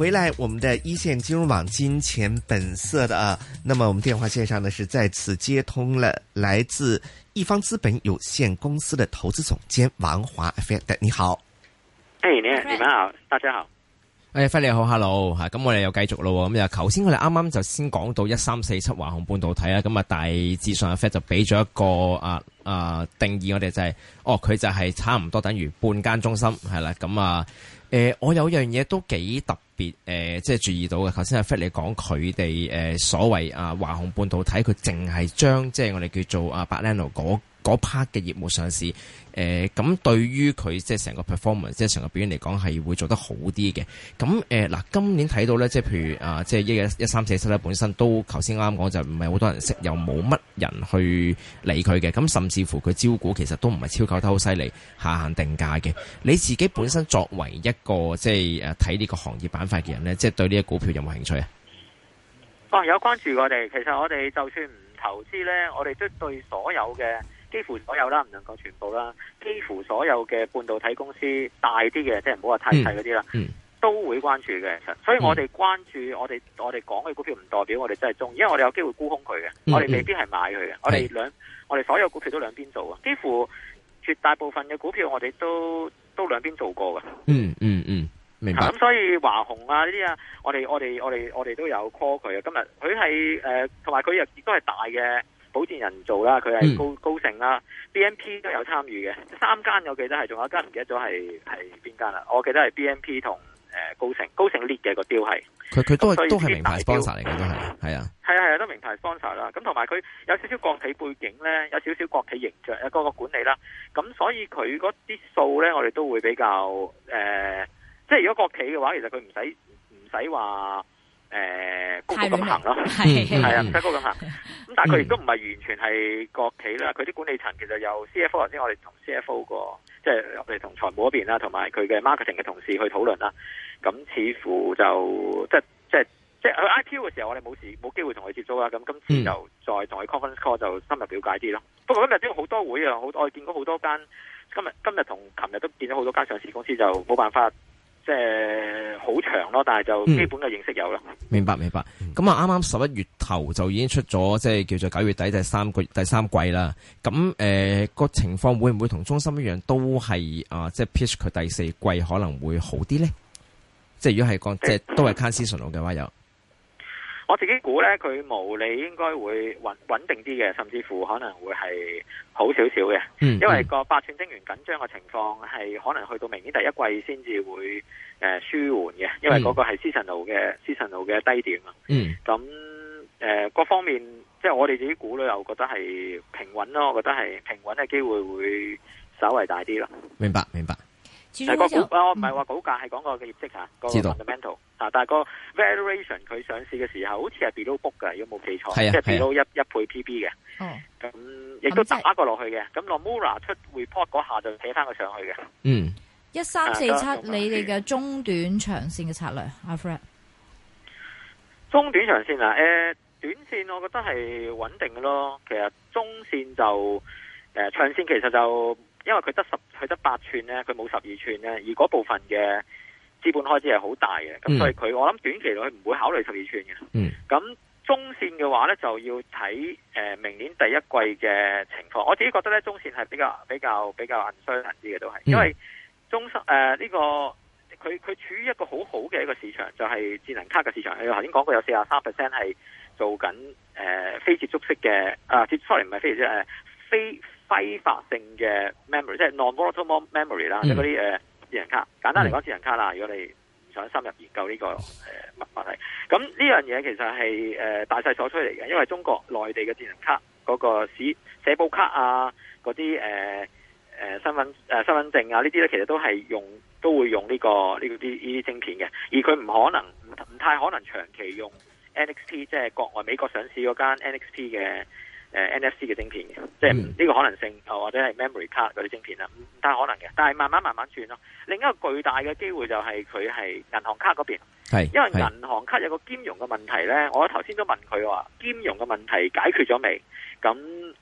回來，我們的一線金融網金錢本色的啊，那麼我們電話線上呢是再次接通了來自一方資本有限公司的投資總監王華的。Fred，你好。誒，你你們好，大家好。誒，Fred 你好，Hello。吓，咁我哋又繼續咯。咁又頭先我哋啱啱就先講到一三四七華虹半導體啦。咁啊，大致上啊 Fred 就俾咗一個啊啊定義，我哋就係，哦，佢就係差唔多等於半間中心係啦。咁啊，誒，我有樣嘢都幾特。別誒、呃，即係注意到嘅。頭先阿 Fred 你講佢哋誒所謂啊華雄半導體，佢淨係將即係我哋叫做啊 Baleno 嗰嗰 part 嘅業務上市。誒，咁、呃、對於佢即係成個 performance，即係成個表演嚟講，係會做得好啲嘅。咁誒，嗱、呃，今年睇到咧，即係譬如啊，即係一一三四七咧，本身都頭先啱啱講就唔係好多人識，又冇乜人去理佢嘅。咁甚至乎佢招股，其實都唔係超購得好犀利，下限定價嘅。你自己本身作為一個即係誒睇呢個行業板塊嘅人咧，即係對呢個股票有冇興趣啊？哦，有關注我哋。其實我哋就算唔投資咧，我哋都對所有嘅。幾乎所有啦，唔能夠全部啦。幾乎所有嘅半導體公司，大啲嘅，即係唔好話太細嗰啲啦，嗯嗯、都會關注嘅。所以我哋關注、嗯、我哋我哋講嘅股票，唔代表我哋真係中意，因為我哋有機會沽空佢嘅，嗯、我哋未必係買佢嘅。嗯、我哋兩，的我哋所有股票都兩邊做啊。幾乎絕大部分嘅股票我，我哋都都兩邊做過嘅、嗯。嗯嗯嗯，明白。咁所以華虹啊呢啲啊，我哋我哋我哋我哋都有 call 佢啊。今日佢係誒，同埋佢亦都係大嘅。保薦人做啦，佢係高、嗯、高盛啦，B M P 都有參與嘅，三間我記得係，仲有一間唔記得咗係係邊間啦？我記得係 B M P 同高盛、呃，高盛 lead 嘅個標係。佢佢都係以都係名牌 sponsor 嚟嘅，都係係啊。係啊係啊，都名牌 sponsor 啦。咁同埋佢有少少國企背景咧，有少少國企形象啊個個管理啦。咁所以佢嗰啲數咧，我哋都會比較誒、呃，即係如果國企嘅話，其實佢唔使唔使話。誒，高高咁行咯，係啊，唔使高咁行。咁但係佢亦都唔係完全係國企啦，佢啲管理層其實有 CFO 或者我哋同 CFO 個，即係我哋同財務嗰邊啦，同埋佢嘅 marketing 嘅同事去討論啦。咁似乎就即即即喺 IQ 嘅時候我時，我哋冇時冇機會同佢接觸啦。咁今次就再同佢 conference call 就深入了解啲咯。不過今日都好多會啊，好多我見咗好多間，今日今日同琴日都見咗好多間上市公司就冇辦法。即係好長咯，但係就基本嘅認識有啦，明白明白。咁啊，啱啱十一月頭就已經出咗，即係叫做九月底第三季第三季啦。咁誒個情況會唔會同中心一樣，都係啊？即係 pitch 佢第四季可能會好啲咧。即係如果係講，即係都係 consistent 嘅話有。我自己估呢，佢毛利應該會穩穩定啲嘅，甚至乎可能會係好少少嘅。嗯嗯、因為個八寸晶圓緊張嘅情況係可能去到明年第一季先至會、呃、舒緩嘅，因為嗰個係 seasonal 嘅 seasonal 嘅低點啊。咁誒、嗯呃，各方面即係、就是、我哋自己估咧，又覺得係平穩咯。我覺得係平穩嘅機會會稍為大啲咯。明白，明白。但係個股，我唔係話股價，係講個嘅業績吓，個 fundamental 吓，但係個 valuation 佢上市嘅時候，好似係 below book 嘅，有冇記錯？係即係 below 一一倍 PB 嘅，咁亦都打過落去嘅。咁 Nomura 出 report 嗰下就睇翻佢上去嘅。嗯，一三四七，你哋嘅中短長線嘅策略，阿 Fred。中短長線啊，誒，短線我覺得係穩定嘅咯。其實中線就誒長線，其實就。因為佢得十佢得八寸咧，佢冇十二寸咧，而嗰部分嘅資本開支係好大嘅，咁、嗯、所以佢我諗短期內佢唔會考慮十二寸嘅。咁、嗯、中線嘅話咧就要睇誒、呃、明年第一季嘅情況。我自己覺得咧中線係比較比較比較暗衰啲嘅都係，嗯、因為中芯誒呢個佢佢處於一個好好嘅一個市場，就係、是、智能卡嘅市場。你頭先講過有四十三 percent 係做緊誒、呃、非接觸式嘅啊、呃、接 excuse me 唔係非誒非。揮發性嘅 mem memory，即係 non-volatile memory 啦，即嗰啲智能卡。簡單嚟講，智能卡啦，如果你唔想深入研究呢個物問題，咁呢樣嘢其實係大勢所趨嚟嘅，因為中國內地嘅智能卡嗰、那個市社保卡啊，嗰啲誒誒身份誒身份證啊，呢啲咧其實都係用都會用呢、這個呢啲呢啲晶片嘅，而佢唔可能唔唔太可能長期用 NXP 即係國外美國上市嗰間 NXP 嘅。Uh, NFC 嘅晶片嘅，即係呢個可能性，嗯、或者係 memory card 嗰啲晶片啦，唔太可能嘅。但係慢慢慢慢轉咯、啊。另一個巨大嘅機會就係佢係銀行卡嗰邊，係是因為銀行卡有個兼容嘅問題呢是我頭先都問佢話，兼容嘅問題解決咗未？咁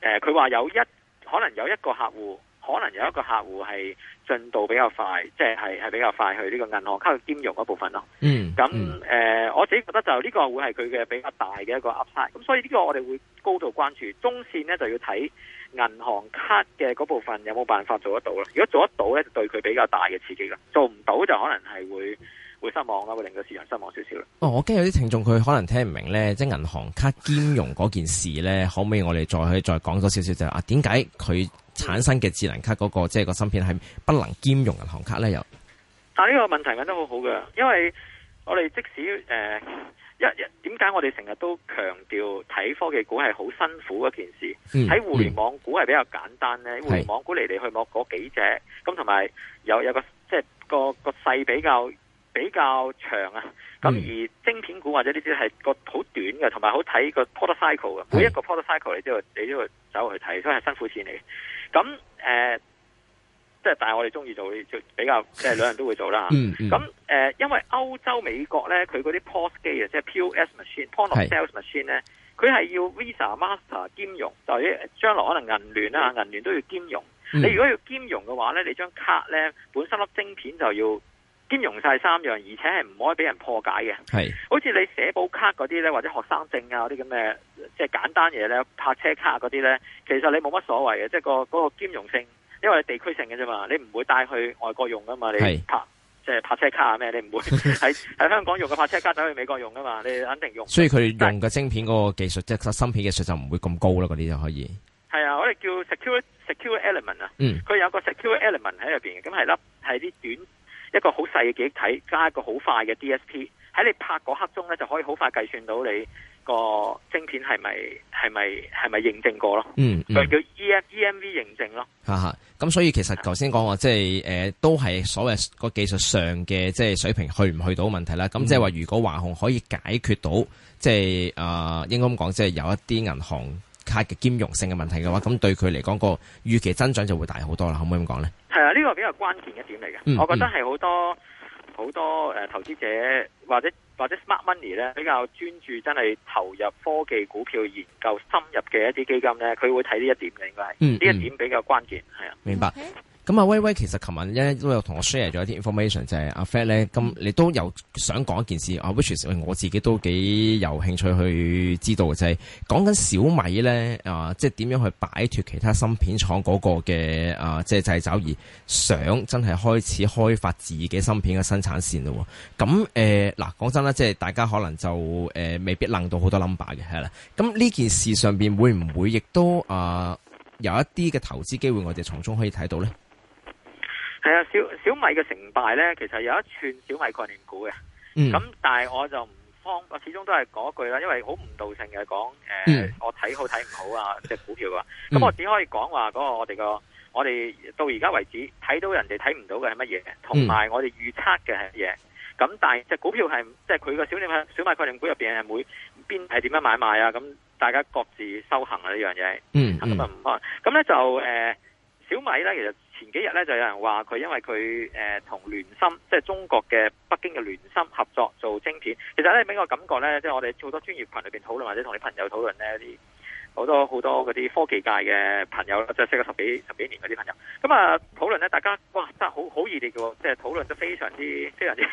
佢話有一可能有一個客戶。可能有一個客戶係進度比較快，即係係比較快去呢個銀行卡去兼容嗰部分咯。嗯，咁誒那、嗯呃，我自己覺得就呢個會係佢嘅比較大嘅一個 upside。咁所以呢個我哋會高度關注中線呢，就要睇銀行卡嘅嗰部分有冇辦法做得到啦。如果做得到咧，就對佢比較大嘅刺激啦；做唔到就可能係會會失望啦，會令到市場失望少少啦。哦，我驚有啲聽眾佢可能聽唔明呢，即係銀行卡兼容嗰件事呢，可唔可以我哋再去再講多少少就啊？點解佢？產生嘅智能卡嗰、那個即係、就是、個芯片係不能兼容銀行卡咧，又但係呢個問題問得好好嘅，因為我哋即使誒一點解我哋成日都強調睇科技股係好辛苦嘅一件事，喺互、嗯、聯網股係比較簡單咧。互、嗯、聯網股嚟嚟去往落嗰幾隻，咁同埋有有一個即係、就是、個個勢比較比較長啊。咁、嗯、而晶片股或者呢啲係個好短嘅，同埋好睇個 port cycle 嘅是每一個 port cycle 嚟之你都要走去睇，所以係辛苦錢嚟。咁誒，即係、呃、但係我哋中意做會就比較，即、呃、係兩人都會做啦。咁誒、 呃，因為歐洲美國咧，佢嗰啲 POS 機，啊，即係 POS machine, machine、Point of Sales machine 咧，佢係要 Visa、Master 兼容，就係、是、將來可能銀聯啦， 銀聯都要兼容。 你如果要兼容嘅話咧，你張卡咧本身粒晶片就要。兼容晒三樣，而且係唔可以俾人破解嘅。係是，好似你社保卡嗰啲咧，或者學生證啊，嗰啲咁嘅，即係簡單嘢咧，拍車卡嗰啲咧，其實你冇乜所謂嘅，即係個嗰個兼容性，因為地區性嘅啫嘛，你唔會帶去外國用噶嘛。你拍即係拍車卡啊咩？你唔會喺喺 香港用個拍車卡走去美國用噶嘛？你肯定用。所以佢用嘅芯片嗰個技術，是即係芯片技術就唔會咁高咯，嗰啲就可以。係啊，我哋叫 secure secure element 啊，佢有個 secure element 喺入邊咁係粒係啲短。一個好細嘅記憶體，加一個好快嘅 DSP，喺你拍嗰刻中咧就可以好快計算到你個晶片係咪係咪係咪認證過咯、嗯？嗯，所以叫 E M E M V 認證咯。吓吓、嗯，咁、嗯、所以其實頭先講話即係誒，都係所謂個技術上嘅即係水平去唔去到問題啦。咁即係話如果華控可以解決到，即係誒，應該咁講，即係有一啲銀行太嘅兼容性嘅問題嘅話，咁對佢嚟講個預期增長就會大好多啦，可唔可以咁講呢？係啊，呢、呢個比較關鍵的一點嚟嘅，嗯、我覺得係好多好、嗯、多誒投資者或者或者 smart money 咧比較專注，真係投入科技股票研究深入嘅一啲基金咧，佢會睇呢一點嘅應該係呢、嗯嗯、一點比較關鍵。係啊，明白。咁阿威威其實琴日咧都有同我 share 咗一啲 information，就係、是、阿 Fred 咧，咁你都有想講一件事啊，which is 我自己都幾有興趣去知道嘅，就係講緊小米咧啊，即係點樣去擺脫其他芯片廠嗰個嘅啊，即係掣肘，而想真係開始開發自己芯片嘅生產線咯。咁誒嗱，講、啊、真啦，即、就、係、是、大家可能就、啊、未必諗到好多 number 嘅，係啦。咁呢件事上面會唔會亦都啊有一啲嘅投資機會，我哋從中可以睇到咧？係啊，小小米嘅成敗咧，其實有一串小米概念股嘅。嗯。咁但係我就唔方，我始終都係嗰句啦，因為好唔道性嘅講，誒，我睇好睇唔好啊隻股票啊。咁、嗯、我只可以講話嗰個我哋個，我哋到而家為止睇到人哋睇唔到嘅係乜嘢，同埋我哋預測嘅係乜嘢。咁、嗯、但係隻股票係，即係佢個小米小，小米概念股入邊係每邊係點樣買賣啊？咁大家各自修行啊呢樣嘢。嗯。咁啊唔方，咁咧、嗯、就誒、呃，小米咧其實。前幾日咧就有人話佢因為佢誒同聯芯，即係中國嘅北京嘅聯芯合作做晶片。其實咧俾我感覺咧，即係我哋好多專業群裏邊討論或者同啲朋友討論咧，啲好多好多嗰啲科技界嘅朋友，即係識咗十幾十幾年嗰啲朋友，咁，嗯，啊討論咧，大家哇真係好好熱烈嘅，即係討論得非常之非常之。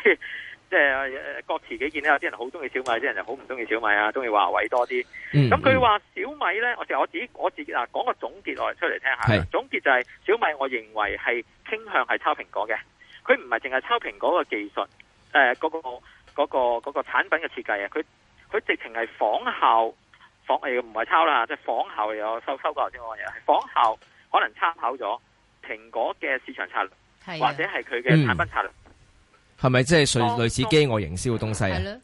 即係各持己見呢，有啲人好中意小米，啲人就好唔中意小米啊，中意華為多啲。咁佢話小米呢我成我自己我自己嗱講個總結落嚟出嚟聽下。是總結就係、是、小米，我認為係傾向係抄蘋果嘅。佢唔係淨係抄蘋果嘅技術，誒、呃、嗰、那個嗰、那個嗰、那個那個產品嘅設計啊，佢佢直情係仿效仿誒，唔係抄啦，即係仿效有收收過頭先講，嘢係仿效可能參考咗蘋果嘅市場策略，啊、或者係佢嘅產品策略。嗯係咪即係類似飢餓營銷嘅東西啊？誒、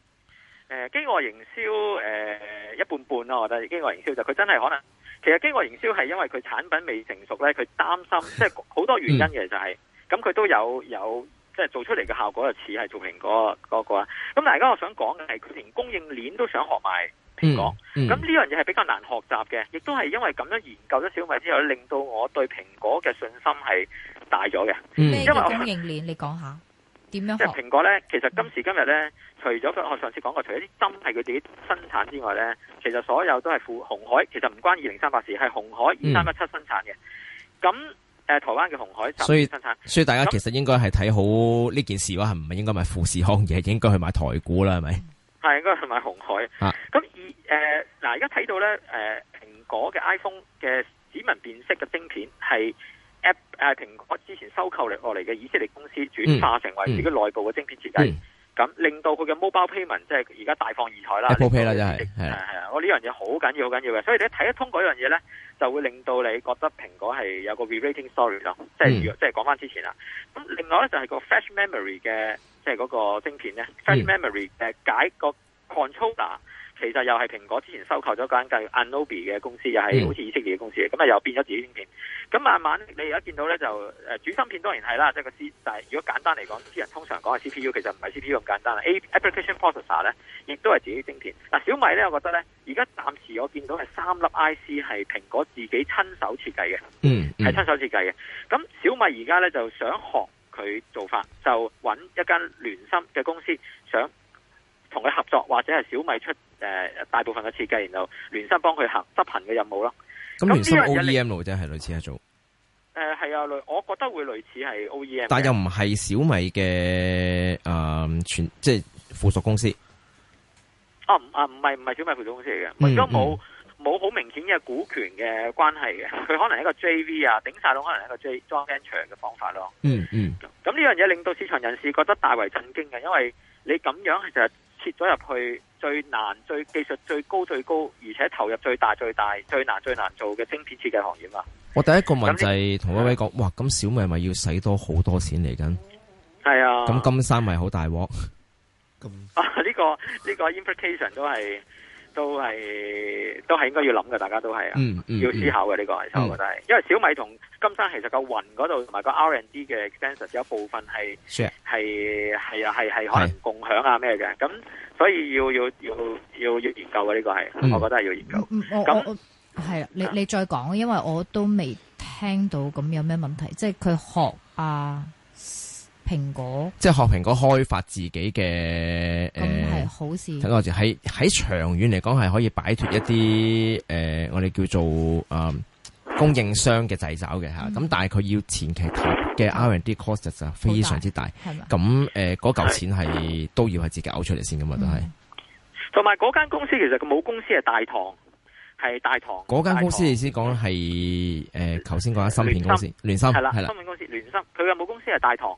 嗯，飢餓營銷誒，一半半咯。但得飢餓營銷就佢真係可能，其實飢餓營銷係因為佢產品未成熟咧，佢擔心，即係好多原因嘅就係、是、咁。佢、 嗯、都有有即係做出嚟嘅效果，就似係做蘋果嗰、那個。咁大家我想講嘅係，佢連供應鏈都想學埋蘋果。咁呢、嗯嗯、樣嘢係比較難學習嘅，亦都係因為咁樣研究咗小米之後，令到我對蘋果嘅信心係大咗嘅。咩供應鏈？你講下。樣即係蘋果咧，其實今時今日咧，除咗我上次講過，除咗啲針係佢自己生產之外咧，其實所有都係富紅海，其實唔關二零三八事，係紅海二三一七生產嘅。咁誒、嗯呃，台灣嘅紅海就所以生產，所以大家其實應該係睇好呢件事嘅話，係唔係應該買富士康而係，應該去買台股啦，係咪？係應該去買紅海啊！咁而誒，嗱而家睇到咧，誒、呃，蘋果嘅 iPhone 嘅指紋辨識嘅晶片係。app 蘋果之前收購嚟落嚟嘅以色列公司轉化成為自己內部嘅晶片設計，咁、嗯嗯、令到佢嘅 mobile payment 即係而家大放異彩啦。o b 啦真係啊！我呢樣嘢好緊要好緊要嘅，所以你睇得通嗰樣嘢咧，就會令到你覺得蘋果係有個 re-rating story 咯。嗯、即係即係講翻之前啦。咁另外咧就係個 flash memory 嘅，即係嗰個晶片咧 flash、嗯、flash memory 解個 controller。其實又係蘋果之前收購咗間叫 a n o b e 嘅公司，又係好似以色列嘅公司，咁啊又變咗自己芯片。咁慢慢你而家見到咧，就主芯片都係聯係啦，即係個 C。但係如果簡單嚟講，啲人通常講嘅 CPU，其實唔係 CPU 咁簡單啦。A p p l i c a t i o n processor 咧，亦都係自己芯片。嗱小米咧，我覺得咧，而家暫時我見到係三粒 IC 係蘋果自己親手設計嘅，係、嗯嗯、親手設計嘅。咁小米而家咧就想學佢做法，就揾一間聯心嘅公司想。佢合作或者係小米出，誒、呃、大部分嘅設計，然後聯身幫佢行執行嘅任務咯。咁呢 OEM 即係類似一種，誒、係、呃、啊，類我覺得會類似係 OEM，但又唔係小米嘅，誒、呃、全即係附屬公司。啊啊唔係，唔係小米附屬公司嚟嘅，亦都冇冇好明顯嘅股權嘅關係嘅。佢可能係一個 JV 啊，頂晒到可能係一個 J joint venture 嘅方法咯、嗯。嗯嗯。咁呢樣嘢令到市場人士覺得大為震驚嘅，因為你咁樣其實。跌咗入去最難、最技術最，最高、最高而且投入最大、最大最難、最難，最難做嘅晶片設計行業啊。我第一個問就係同威威講：嗯、哇！咁小米咪要使多好多錢嚟緊？係啊！咁金山咪好大鑊？咁啊？呢個呢個 implication 都係。都係都係，應該要諗嘅，大家都係啊，嗯嗯、要思考嘅呢、個係，嗯、我覺得係。因為小米同金山其實個雲嗰度同埋個 R and D 嘅 extension 有部分係係係啊係係可能共享啊咩嘅，咁是所以要要要要要研究嘅呢、個係，嗯、我覺得係要研究。嗯，那我係啊，你你再講，因為我都未聽到咁有咩問題，即係佢學啊。蘋果，即係學蘋果開發自己嘅誒，係好事。咁我哋喺喺長遠嚟講係可以擺脫一啲誒，我哋叫做誒供應商嘅掣肘嘅吓。咁但係佢要前期投嘅 R&D cost 啊，非常之大。咁誒，嗰嚿錢係都要係自己嘔出嚟先噶嘛，都係。同埋嗰間公司其實個母公司係大唐，係大唐。嗰間公司意思講係誒，頭先講芯片公司聯芯，係啦，係啦，芯片公司聯芯，佢嘅母公司係大唐。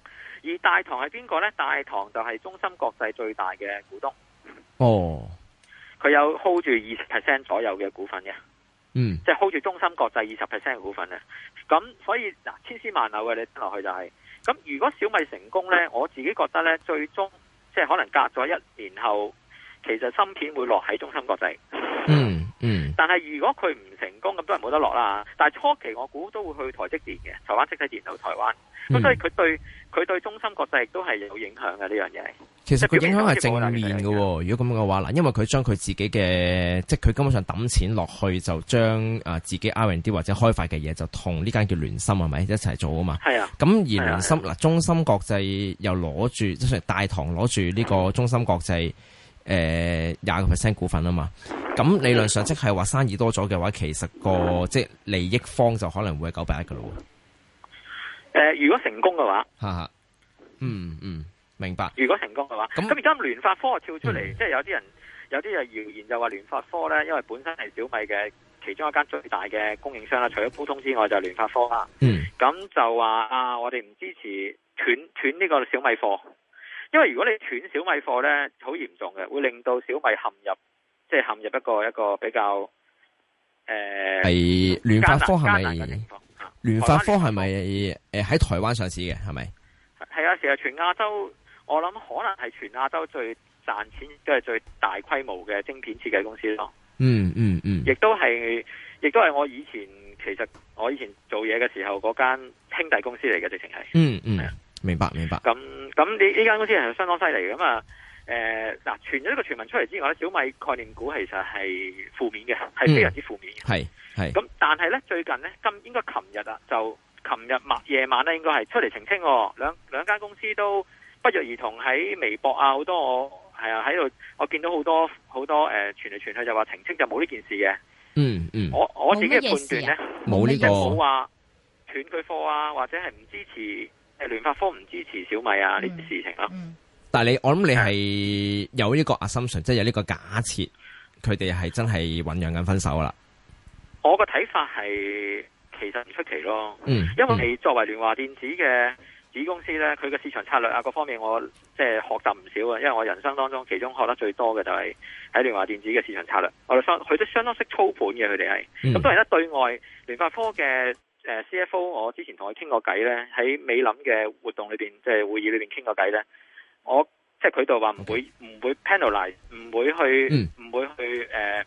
而大唐係邊個呢？大唐就係中心國際最大嘅股東。哦，佢有 hold 住二十 percent 左右嘅股份嘅。嗯，mm. 即係 hold 住中心國際二十 percent 嘅股份嘅。咁所以千絲萬縷嘅，你聽落去就係、是、咁。如果小米成功呢，我自己覺得呢，最終即係可能隔咗一年後，其實芯片會落喺中心國際。嗯。Mm. 嗯，但係如果佢唔成功，咁都係冇得落啦。但係初期我估都會去台積電嘅，台灣積體電同台灣。咁、嗯、所以佢對佢對中心國際亦都係有影響嘅呢樣嘢。其實佢影響係正面嘅，如果咁嘅話嗱，因為佢將佢自己嘅，嗯、即係佢根本上抌錢落去，就將啊自己 R&D 或者開發嘅嘢，就同呢間叫聯芯係咪一齊做啊嘛？係啊。咁而聯芯，嗱、啊，啊、中心國際又攞住即係大堂攞住呢個中心國際。誒，廿個 percent 股份啊嘛，咁理論上即係話生意多咗嘅話，其實、個即係利益方就可能會係九百一噶咯。誒，如果成功嘅話，哈哈嗯嗯，明白。如果成功嘅話，咁咁而家聯發科跳出嚟，即係、嗯、有啲人有啲就謠言就話聯發科咧，因為本身係小米嘅其中一間最大嘅供應商啦，除咗高通之外就係聯發科啦。嗯，咁就話啊，我哋唔支持斷斷呢個小米貨。因為如果你斷小米貨呢，好嚴重嘅，會令到小米陷入，即係陷入一個一個比較，誒、呃，係聯發科係咪艱難？聯發科係咪喺台灣上市嘅？係咪？係啊，其實、啊、全亞洲，我諗可能係全亞洲最賺錢、都、就、係、是、最大規模嘅晶片設計公司咯、嗯。嗯嗯嗯，亦都係，亦都係我以前其實我以前做嘢嘅時候嗰間兄弟公司嚟嘅，直情係。嗯嗯。明白，明白。咁咁，呢間公司係相當犀利嘅咁啊？誒，嗱、呃，傳咗呢個傳聞出嚟之外咧，小米概念股其實係負面嘅，係、嗯、非常之負面嘅。係係。咁但係咧，最近咧，今應該琴日啊，就琴日晚夜晚咧，應該係出嚟澄清，兩兩間公司都不約而同喺微博啊，好多我係啊，喺度，我見到好多好多誒，傳嚟傳去就話澄清就冇呢件事嘅、嗯。嗯嗯。我我自己嘅判斷咧，冇呢、啊這個。冇即係冇話斷佢貨啊，或者係唔支持。誒，聯發科唔支持小米啊呢啲事情啦。嗯嗯、但係你，我諗你係有呢個啊，assumption，即係有呢個假設，佢哋係真係醞釀緊分手啦。我個睇法係其實唔出奇咯。嗯，因為你作為聯華電子嘅子公司咧，佢嘅市場策略啊，各方面我即係學習唔少啊。因為我人生當中，其中學得最多嘅就係喺聯華電子嘅市場策略。我哋相佢都相當識操盤嘅，佢哋係咁當然啦。對外聯發科嘅。誒 CFO，我之前同佢傾過偈咧，喺美林嘅活動裏邊，就是，即係會議裏邊傾過偈咧，我即係佢就話唔會唔會 penalize，唔會去唔會去誒，唔、呃、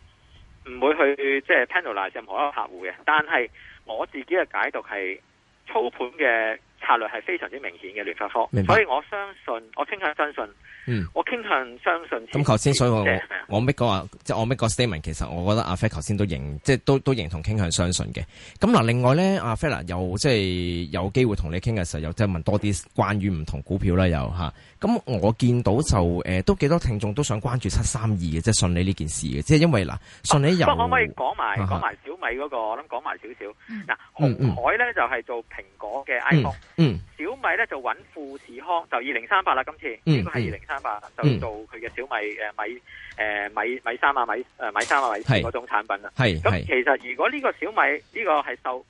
唔會去即係 penalize 任何一個客戶嘅。但係我自己嘅解讀係操盤嘅。策略係非常之明顯嘅聯發科，白所以我相信，我傾向相信，嗯、我傾向相信。咁頭先所以我嗎我，我 make 個話，即係我 make 個 statement，其實我覺得阿 Fred 頭先都認，即係都都認同傾向相信嘅。咁嗱，另外咧，阿 Fred 又即係有機會同你傾嘅時候，又即係問多啲關於唔同股票啦，又嚇。啊咁我見到就誒，都幾多聽眾都想關注七三二嘅，即係信利呢件事嘅，即係因為嗱，信利由不，我可以講埋講埋小米嗰個啦，講埋少少。嗱，紅海咧就係做蘋果嘅 iPhone，小米咧就揾富士康，就二零三八啦，今次應該係二零三八，就做佢嘅小米誒米米米三啊，米誒米三啊，米四嗰種產品啦。係咁，其實如果呢個小米呢個係受，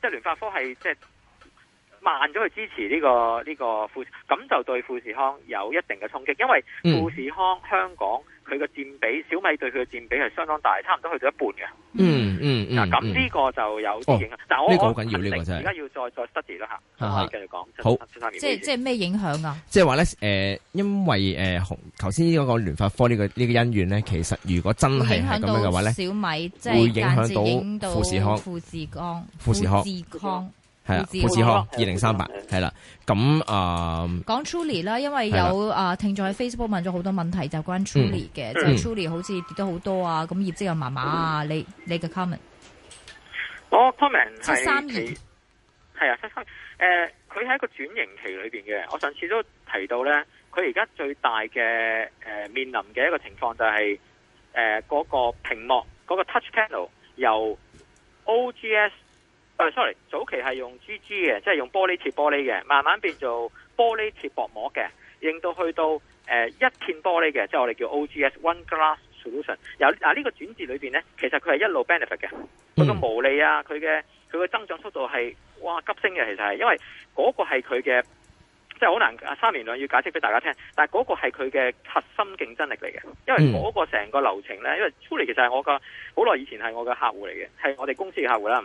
即係聯發科係即係。慢咗去支持呢個呢個富士，咁就對富士康有一定嘅衝擊，因為富士康香港佢嘅佔比，小米對佢嘅佔比係相當大，差唔多去到一半嘅。嗯嗯嗯，咁呢個就有啲影響。嗱，我好緊要呢個我而家要再再 study 啦吓，繼續講。好，即係即係咩影響啊？即係話咧，誒，因為誒，頭先呢個聯發科呢個呢個恩怨咧，其實如果真係係咁樣嘅話咧，小米即係會影響到富士康、富士康富士康。富士康二零三八係啦，咁啊講 Truly 啦，uh, ly, 因為有的啊聽眾喺 Facebook 問咗好多問題，就關 Truly 嘅，即係 Truly 好似跌得、嗯、好跌多啊，咁業績又麻麻啊，你你嘅 comment？我 comment 七三二係啊，七三，誒、呃，佢喺一個轉型期裏邊嘅，我上次都提到咧，佢而家最大嘅誒、呃、面臨嘅一個情況就係誒嗰個屏幕嗰、嗰個 Touch Panel 由 OGS。Oh, sorry, 早期係用 G G 嘅，即係用玻璃貼玻璃嘅，慢慢變做玻璃貼薄膜嘅，應到去到誒一片玻璃嘅，即係我哋叫 O G S One Glass Solution。嗱，呢個轉折裏邊咧，其實佢係一路 benefit 嘅，佢嘅毛利啊，佢嘅佢嘅增長速度係哇急升嘅，其實係因為嗰個係佢嘅，即係好難三年兩月解釋俾大家聽，但係嗰個係佢嘅核心競爭力嚟嘅，因為嗰個成個流程咧，因為 Coolie 其實係我個好耐以前係我嘅客戶嚟嘅，係我哋公司嘅客戶啦。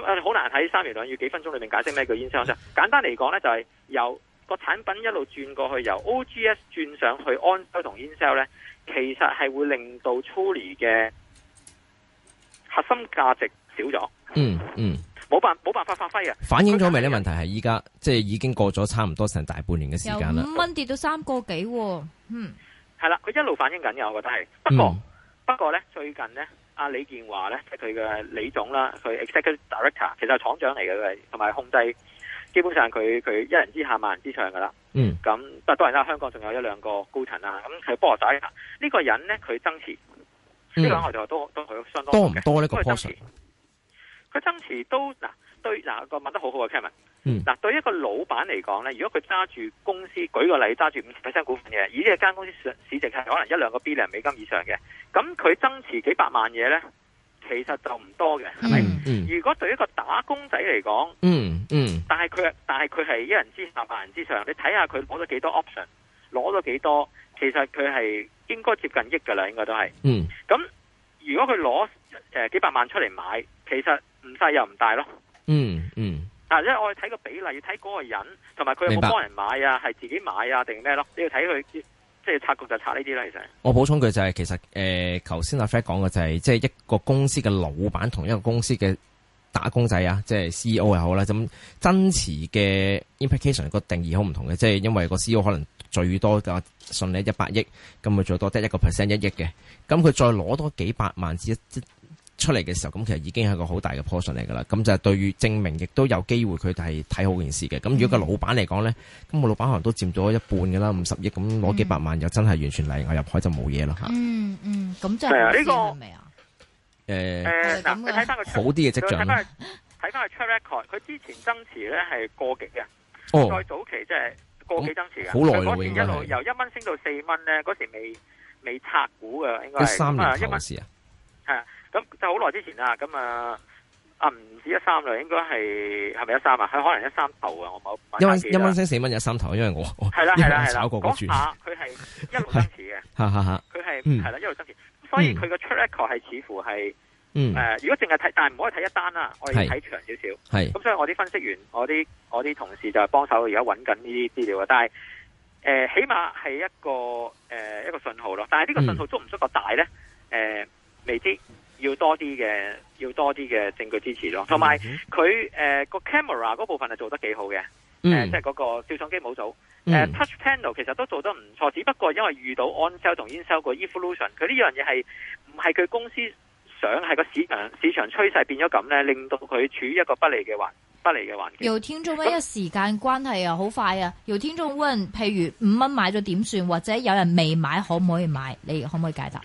咁好、嗯、難喺三年兩月幾分鐘裏面解釋咩叫 in-cell 簡單嚟講咧，就係由個產品一路轉過去由 O G S 轉上去 on-cell 同 in-cell 咧，其實係會令到 Truly 嘅核心價值少咗、嗯。嗯嗯，冇辦冇辦法發揮啊！反映咗未呢？問題係依家即係已經過咗差唔多成大半年嘅時間啦。由五蚊跌到三個幾。嗯，係啦，佢一路反映緊嘅，我覺得係、嗯。不過不過咧，最近咧。阿李健華咧，即係佢嘅李總啦，佢 executive director，其實係廠長嚟嘅，同埋控制，基本上佢佢一人之下萬人之上噶啦。嗯，咁但當然啦，香港仲有一兩個高層啦，咁我波鞋仔。呢、這個人咧，佢增持，呢、嗯、個我都都佢相當多唔多呢個個增持，佢增持都嗱。啊對嗱個問得好好嘅 Cameron 嗱、嗯、對一個老闆嚟講咧，如果佢揸住公司，舉個例揸住五十 percent 股份嘅，而呢間公司市值係可能一兩個 b 零美金以上嘅，咁佢增持幾百萬嘢咧，其實就唔多嘅，係咪？如果對一個打工仔嚟講、嗯，嗯嗯，但係佢但係佢係一人之下、萬人之上，你睇下佢攞咗幾多 option，攞咗幾多，其實佢係應該接近億噶啦，應該都係。嗯，咁如果佢攞誒幾百萬出嚟買，其實唔細又唔大咯。嗯嗯，啊、嗯，因為我去睇個比例，要睇嗰個人同埋佢有冇幫人買啊，係明白自己買啊，定咩咯？你要睇佢即係拆局就拆呢啲咧，其實。我補充句就係，其實誒，頭先阿 Fred 講嘅就係，即係一個公司嘅老闆同一個公司嘅打工仔啊，即係 C E O 又好啦，咁增持嘅 implication 個定義好唔同嘅，即係因為個 C E O 可能最多嘅信你一百億，咁佢最多得一個 percent 一億嘅，咁佢再攞多幾百萬之一出嚟嘅時候，咁其實已經係個好大嘅 portion 嚟㗎啦。咁就係對於證明亦都有機會，佢哋係睇好件事嘅。咁如果個老闆嚟講咧，咁個老闆可能都佔咗一半㗎啦，五十億咁攞幾百萬，又真係完全嚟我入海就冇嘢咯嚇。嗯嗯，咁就係呢個誒，嗱、欸，你睇翻個好啲嘅跡象，睇翻佢出佢之前增持咧係過極嘅。再、哦、早期即係過幾增持嘅，好耐嘅一路由一蚊升到四蚊咧，嗰時未未拆股㗎，應該係啊，一蚊時啊，嗯嗯咁就好耐之前啦，咁啊啊唔止一三啦，應該係係咪一三啊？佢可能一三頭啊，我冇。我不不一蚊一蚊升四蚊一三頭，因為我係啦係啦係啦，講我下佢係一路增持嘅，吓吓吓，佢係係啦一路增持，所以佢個出嚟確係似乎係，誒、呃，如果淨係睇，但係唔可以睇一單啦，我哋睇長少少，係，咁所以我啲分析員，我啲我啲同事就係幫手，而家搵緊呢啲資料啊，但係誒、呃、起碼係一個誒、呃、一個信號咯，但係呢個信號足唔足夠大咧？誒、呃、未知。要多啲嘅，要多啲嘅證據支持咯。同埋佢誒個 camera 嗰部分係做得幾好嘅、嗯呃，即係嗰個照相機模組。誒 touch、嗯呃、panel 其實都做得唔錯，只不過因為遇到 on-cell 同 in-cell 個 evolution，佢呢樣嘢係唔係佢公司想係個市場市場趨勢變咗咁咧？令到佢處於一個不利嘅環不利嘅環境。由聽眾，一個時間關係啊，好快啊！由聽眾，問，譬如五蚊買咗點算？或者有人未買，可唔可以買？你可唔可以解答？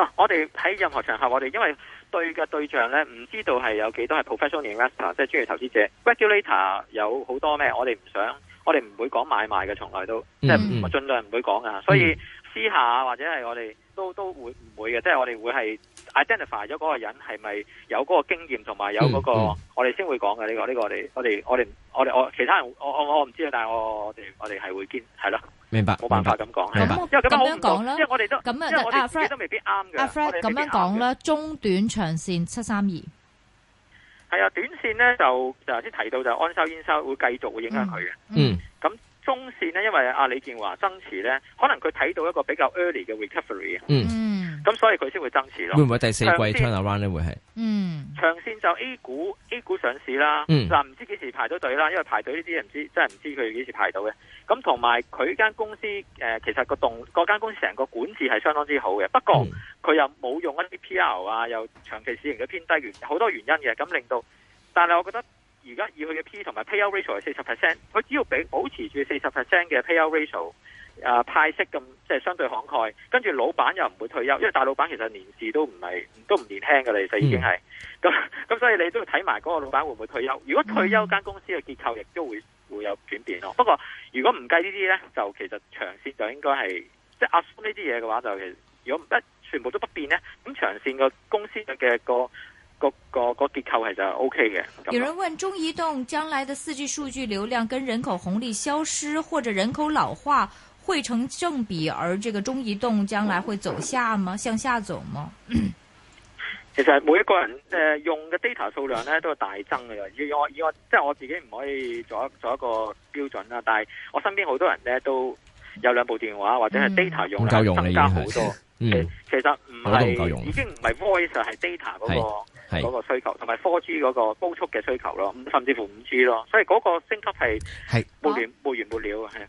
啊、我哋喺任何場合，我哋因為對嘅對象咧，唔知道係有幾多係 professional investor，即係專業投資者，regulator 有好多咩，我哋唔想，我哋唔會講買賣嘅，從來都即係唔、mm hmm. 盡量唔會講啊，所以私下或者係我哋都都會唔會嘅，即係我哋會係。Identify 咗嗰個人係咪有嗰個經驗同埋有嗰個我哋、這個我哋，我哋先會講嘅呢個呢個，我哋我哋我哋我其他人我我我唔知啊，但係我我哋我哋係會堅係咯。明白，冇辦法咁講。明白，因為咁樣講啦，即係我哋都，樣因為我都未必啱嘅。阿、啊、Fred 咁樣講啦，中短長線七三二。係啊，短線咧就就頭先提到就安收煙收會繼續會影響佢嘅、嗯。嗯。咁中線咧，因為阿李健華增持咧，可能佢睇到一個比較 early 嘅 recovery。嗯。嗯。咁所以佢先會增持咯。會唔會第四季 turnaround 咧線會係是？嗯，長線就 A 股 A 股上市啦。嗱、唔、嗯、知幾時排到隊啦，因為排隊呢啲嘢唔知，真係唔知佢幾時排到嘅。咁同埋佢間公司誒、呃，其實個動，嗰間公司成個管治係相當之好嘅。不過佢又冇用一啲 Payout 啊，又長期市盈率偏低，原,好多原因嘅，咁令到。但係我覺得而家以佢嘅 P 同埋 Payout ratio 係四十 percent，佢只要俾保持住四十 percent 嘅 Payout ratio。啊，派息咁即係相對慷慨，跟住老闆又唔會退休，因為大老闆其實年事都唔係都唔年輕㗎。啦、嗯，其實已經係咁咁，所以你都要睇埋嗰個老闆會唔會退休。如果退休，間公司嘅結構亦都會會有轉變咯。不過如果唔計呢啲咧，就其實長線就應該係即係阿呢啲嘢嘅話，就其實如果唔係全部都不變咧，咁長線個公司嘅個個個個結構係就 O K 嘅。有人問中移動將來嘅四 G 數據流量跟人口紅利消失或者人口老化。會成正比，而這個中移動將來會走下嗎？向下走嗎？其實每一個人誒、呃、用嘅 data 數量咧都係大增嘅。我以我，以我即係我自己唔可以做一做一個標準啦、啊，但係我身邊好多人咧都有兩部電話或者係 data 用量不增，不夠用更加好多。其實唔係已經唔係 voice 係 data 嗰、那個是個需求，同埋 4G 嗰個高速嘅需求咯，甚至乎 5G 咯，所以嗰個升級係係冇完冇是完冇了嘅係。啊